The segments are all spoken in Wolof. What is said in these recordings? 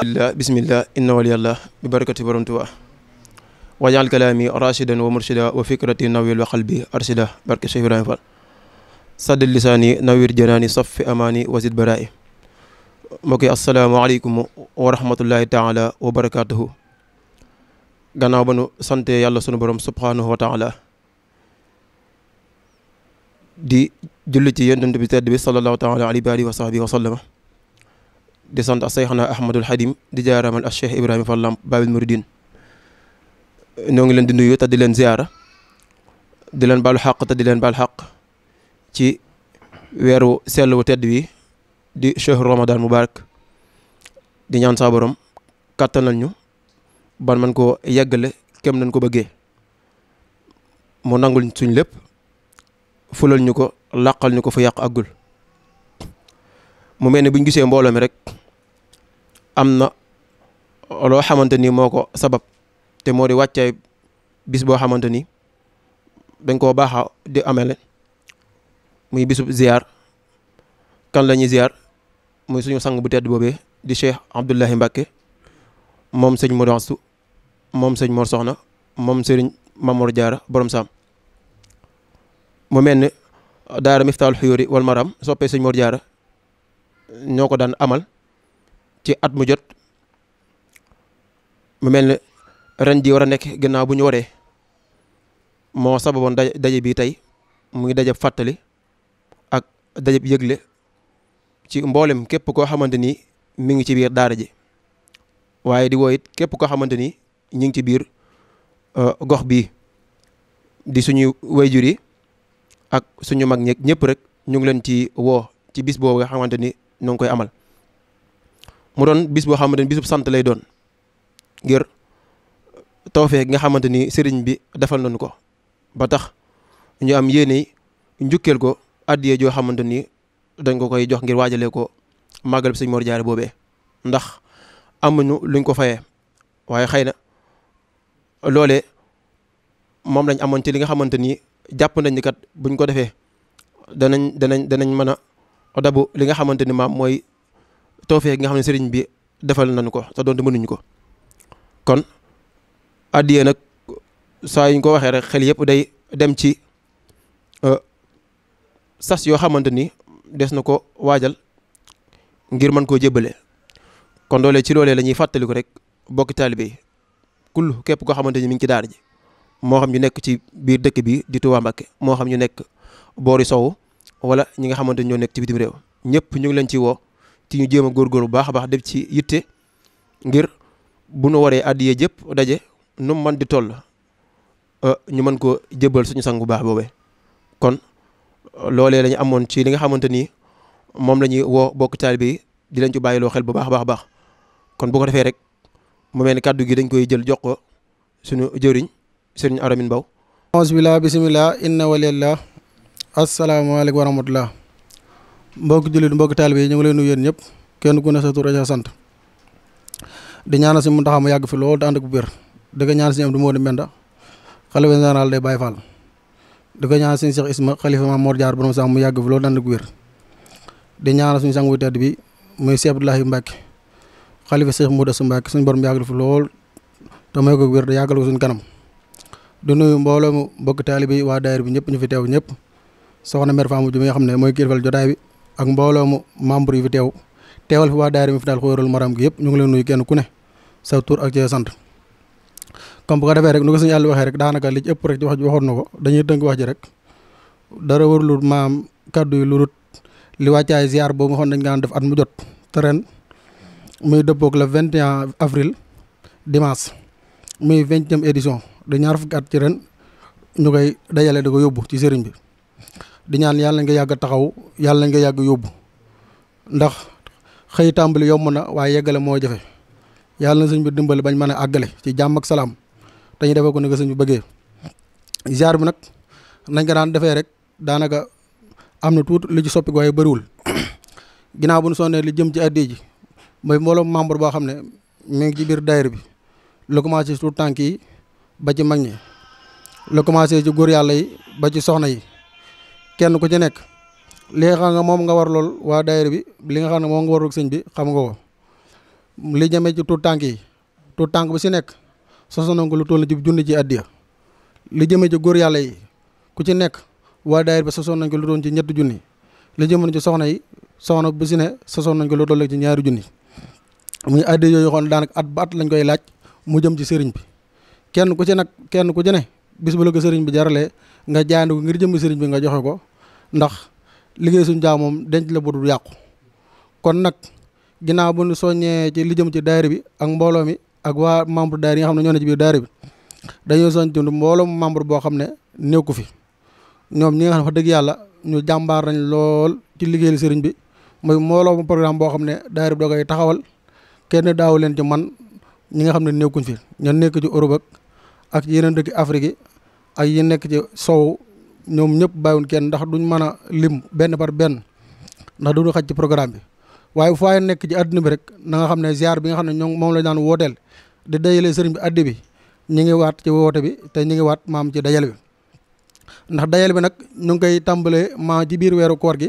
bismillah bismillah inna waliyallah bi barakati borom Tuubaa wajaal kalaami rashidan wa murshida wa fikrati nawil wa qalbi arshida barke Cheikh Ibrahima Fall sadd lisaani nawir janaani saffi amaani wasid baraa'i mbokk yi asalaamaaleykum wa rahmatullahi taala wa barakaatuhu gannaaw ba nu sante yàlla sunu borom subhaanahu wa taala di julli ci yonent bi tedd bi sallallahu taala alayhi wa alihi wa sahbihi wa sallama di sant ak sayxanaa Ahmadul Xadim di jaaraamal ak Cheikh Ibrahima Fall Lamp Babil Mouridine ñoo ngi leen di nuyu ta di leen ziyaara di leen baalu xaq te di leen baal xaq ci weeru sell wu tedd wi di chehru Ramadan Mubarak di ñaan saa borom kàttanal ñu ban man koo yeggale kem nañ ko bëggee mu nangul suñ lépp fulal ñu ko làqal ñu ko fa yàq àggul mu mel ne bu ñu gisee mbooloo mi rek. am na loo xamante ni moo ko sabab te moo di wàccaay bis boo xamante ni dañ koo baaxa di amele muy bisub ziar kan la ñuy ziar muy suñu sang bu tedd boobee di cheikh Abdoulahi Mbacke moom sëñ Modou Astou moom sëñ Mor Soxna moom sëriñ Mamor jaara borom saam mu mel ni daara Miftahul Xuyuri wal Maram soppee sëñ Mor Diarra ñoo ko daan amal. ci at mu jot mu mel ne ren ji war a nekk ginnaaw bu ñu waree moo sababoon daje bi tey mu ngi daje fàttali ak daje yëgle ci mboolem képp koo xamante ni mi ngi ci biir daara ji waaye di woo képp koo xamante ni ñu ngi ci biir euh, gox bii di suñu wayjur yi ak suñu mag ñeeg ñëpp rek ñu ngi leen ci woo ci bis boobu nga xamante ni ñu ngi koy amal. mu doon bis boo xamante ni bisub sant lay doon ngir tawfeex gi nga xamante ni sëriñ bi defal nañu ko ba tax ñu am yéene njukkeel ko addiye joo xamante ni dañ ko koy jox ngir waajale ko màggal bi sëñ Mor Jaara boobee ndax amuñu luñ ko fayee waaye xëy na loolee moom lañ amoon ci li nga xamante ni jàpp nañ ni kat buñ ko defee danañ danañ danañ mën a dabu li nga xamante ni maam mooy tawfeex gi nga xam ne sëriñ bi defal nañu ko te doonte mënuñu ko kon addiya nag saa yuñ ko waxee rek xel yëpp day dem ci euh, sas yoo xamante ni des na ko waajal ngir mën koo jébbale kon doole ci loolee lañuy ñuy fàttali ko rek bokki taalibe yi kull képp koo xamante ni mi ngi ci daara ji moo xam ñu nekk ci biir dëkk bi di Tuubaa Mbàkke moo xam ñu nekk boori sowu wala ñi nga xamante ñoo nekk ci bitim réew ñëpp ñu ngi leen ci woo te ñu jéem a góorgóor bu baax a baax def ci yitte ngir bu nu waree àddiyee jëpp daje num man di toll euh, ñu mën ko jëbal suñu sang bu baax boobe kon euh, loole lañu amoon ci li nga xamante ni moom lañuy woo bokk taalibe yi di leen ci loo xel bu baax a baax baax kon bu ko defee rek mu mel ni kàddu gi dañ koy jël jox ko suñu jëriñ sëriñ Aramin Mbaw auzu billah bismillah inna walillah asalaamaaleykum wa rahmatullah mbokki jullit mbokki taalibe yi ñu ngi leen nuyu yéen kenn ku ne sa tur ak sa sant di ñaanal si Muntaxa mu yàgg fi lool te ànd ak bu wér di ko ñaanal si Amdu Moodu Mbenda xalifa général day Baye Fall di ko si Cheikh Isma xalifa Maam Mor Jaar borom sax mu yàgg fi lool te ànd ak bu wér di ñaanal bi muy Cheikh Abdoulahi Mbacke xalifa Cheikh Modou Assou Mbacke suñu borom yàggal lool ko wér da yàggal ko suñu kanam di nuyu mbooloo mu mbokki taalibe yi waa daayira bi ñëpp ñu fi teew ñëpp soxna mère Famu ji mi nga xam ne mooy kilifa jotaay bi ak mbooloo mu membre yi fi teew teewal fi waa daayira mi fi daal xóoral maram gi yëpp ñu ngi leen nuyu kenn ku ne sa tur ak cee sant comme bu defee rek nu ko suñu àll waxee rek daanaka li ci ëpp rek ci wax ji waxoon na ko dañuy tënk wax ji rek dara warul maam kàddu yi lu li wàccaay ziar boobu nga xam dañ daan def at mu jot te ren muy dëppoog le 21 avril dimanche muy vingtième édition de ñaar fukki at ci ren ñu koy dajale di ko yóbbu ci sëriñ bi di ñaan yàlla nga yàgg taxaw yàlla nga yàgg yóbbu ndax xëy tàmbali yomb na waaye yeggale moo jafe yàlla na sëñ bi dimbali bañ mën a àggale ci jàmm ak salaam te ñu defee ko ni nga sëñ bi bëggee ziar bi nag nañ ko daan defee rek daanaka am na tuut li ci soppi waaye bëriwul ginnaaw bu ñu sonnee li jëm ci addi ji mooy mbooloo membre boo xam ne mi ngi ci biir daayir bi lu commencé ci tuut tànk yi ba ci mag ñi lu commencé ci góor yàlla yi ba ci soxna yi kenn ku ci nekk li nga xam nga moom nga war lool waa daayira bi li nga xam ne moom nga warul sëñ bi xam nga ko li jëmee ci tuut tànk yi tuut tànk bu si nekk soso na ko lu toll ci junni ci addiya li jëmee ci góor yàlla yi ku ci nekk waa daayira bi sosoon nañ lu toll ci ñetti junni li jëmoon ci soxna yi soxna bu si ne sosoon nañ ko lu toll ci ñaari junni muy addiya yooyu xoon daanaka at ba at lañ koy laaj mu jëm ci sëriñ bi kenn ku ci nag kenn ku ci ne bis bu la ko sëriñ bi jaralee nga jaandu ko ngir jëm sëriñ bi nga joxe ko ndax liggéey suñ jaam moom denc la budul yàqu kon nag ginnaaw bu ñu soññee ci li jëm ci daayira bi ak mbooloo mi ak waa membre daayira yi nga xam ne ñoo ci biir daayira bi dañoo soñ ci mbooloo mu membre boo xam ne nekku fi ñoom ñi nga xam dëgg yàlla ñu jàmbaar nañ lool ci liggéeyal sëriñ bi muy mbooloo mu programme boo xam ne daayira bi da taxawal kenn daaw leen ci man ñi nga xam ne nekkuñ fi ñoo nekk ci Europe ak yeneen dëkki Afrique yi ak yi nekk ci sow ñoom ñëpp bàyyiwun kenn ndax duñ mën a lim benn par benn ndax duñu xaj ci programme bi waaye fu waay nekk ci àdduna bi rek na xam ne ziar bi nga xam ne ñoom moom la daan wooteel di dajale sëriñ bi addi bi ñu ngi waat ci woote bi te ñu ngi waat maam ci dajale bi ndax dajale bi nag ñu ngi koy tàmbalee maam ci biir weeru koor gi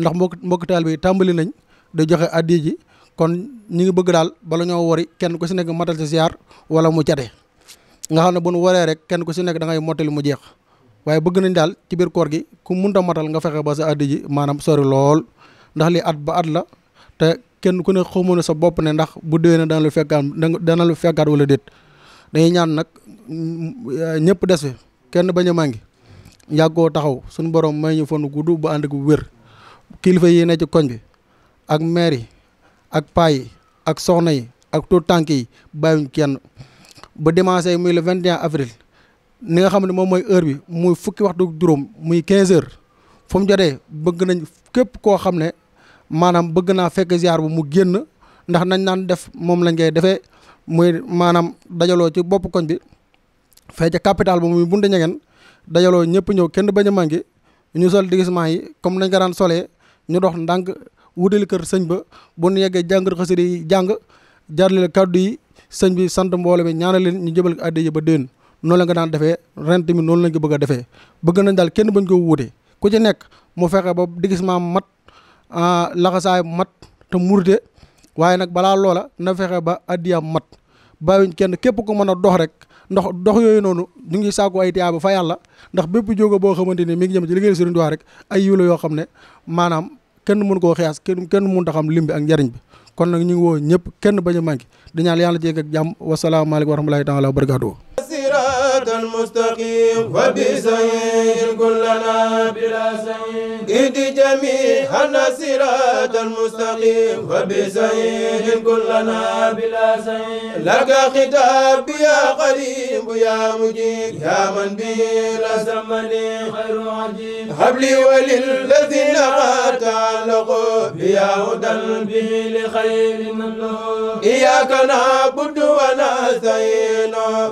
ndax mbokk mbokk taal bi tàmbali nañ di joxe addi ji kon ñu ngi bëgg daal bala ñoo wari kenn ku si nekk matal si ziar wala mu cate nga xam ne bu nu waree rek kenn ku si nekk da ngay mottali mu jeex waaye bëgg nañ daal ci biir koor gi ku munta matal nga fexe ba sa addi ji maanaam sori lool ndax li at ba at la te kenn ku ne xamoo ne sa bopp ne ndax bu déwénee dana lu fekkaat dana lu fekkaat wala déet dañuy ñaan nag mm, ñëpp des fi kenn bañ a màngi yàggoo taxaw suñu borom may ñu fonu gudd bu ànd ku wér kilifa yi ne ci koñ bi ak maire ak paa ak soxna yi ak tout tànk yi bàyyuñ kenn bu ba dimanche muy le 21 avril ni nga xam ne moom mooy heure bi muy fukki waxtu juróom muy 15 heures fu mu jotee bëgg nañ képp koo xam ne maanaam bëgg naa fekk ziar bu mu génn ndax nañ naan def moom lañ koy defee muy maanaam dajaloo ci bopp koñ bi fee ca capital ba muy bund ñegeen dajaloo ñëpp ñëw kenn bañ a manqué ñu sol déguisement yi comme nañ ko daan solee ñu dox ndànk wutali kër sëñ ba bu nu yeggee jàngat xasida yi jàng jaarale kàddu yi sëñ bi sant mboole bi ñaanal leen ñu jëbal ko addiya ba déen noonu la nga daan defee ren mi noonu lañ ko bëgg a defee bëgg nañ daal kenn bañ ko wuutee ku ci nekk mu fexe ba diggissement mat ah, laxasaay mat te murte waaye nag balaa loola na fexe ba a addiyaam mat bàyyiwuñ kenn képp ku mën a dox rek ndox dox yooyu noonu ñu ngi sàkku ay tiyaaba fa yàlla ndax bépp jóge boo xamante ni mi ngi jëm ci liggéey Sëriñ Tuubaa rek ay yiw yoo xam ne maanaam kenn mën koo xiyaas kenn kenn mën ta xam lim bi ak njariñ bi kon nag ñu woo ñëpp kenn bañ a manqué di ñaan yàlla jéeg ak jàmm wasalaamaaleykum wa rahmatulahi taala wa barakaatu صراط المستقيم وبسعيد كلنا بلا سعيد إهد جميعنا صراط المستقيم وبسعيد كلنا بلا سعيد لك خطاب يا قريب يا مجيب يا من به لسمني خير عجيب هب لي وللذين تعلقوا بيا هدى به لخير من إياك نعبد ونستعين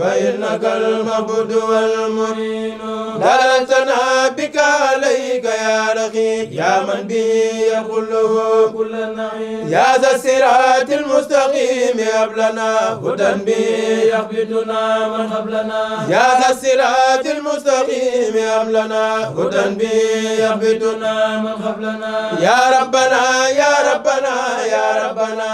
فإنك الم المعبود والمرين دلتنا بك عليك يا رقيب يا من به يقله كل النعيم يا ذا الصراط المستقيم أبلنا هدى به يقبضنا من قبلنا يا ذا الصراط المستقيم أبلنا هدى به يقبضنا من قبلنا يا ربنا يا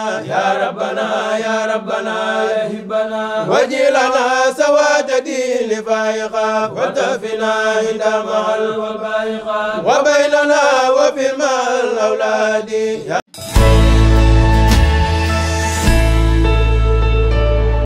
يا ربنا يا ربنا يهبنا وجلنا سواد دين لفائقا وتفنا عند مع الوبائقا وبيننا وفي مع الأولاد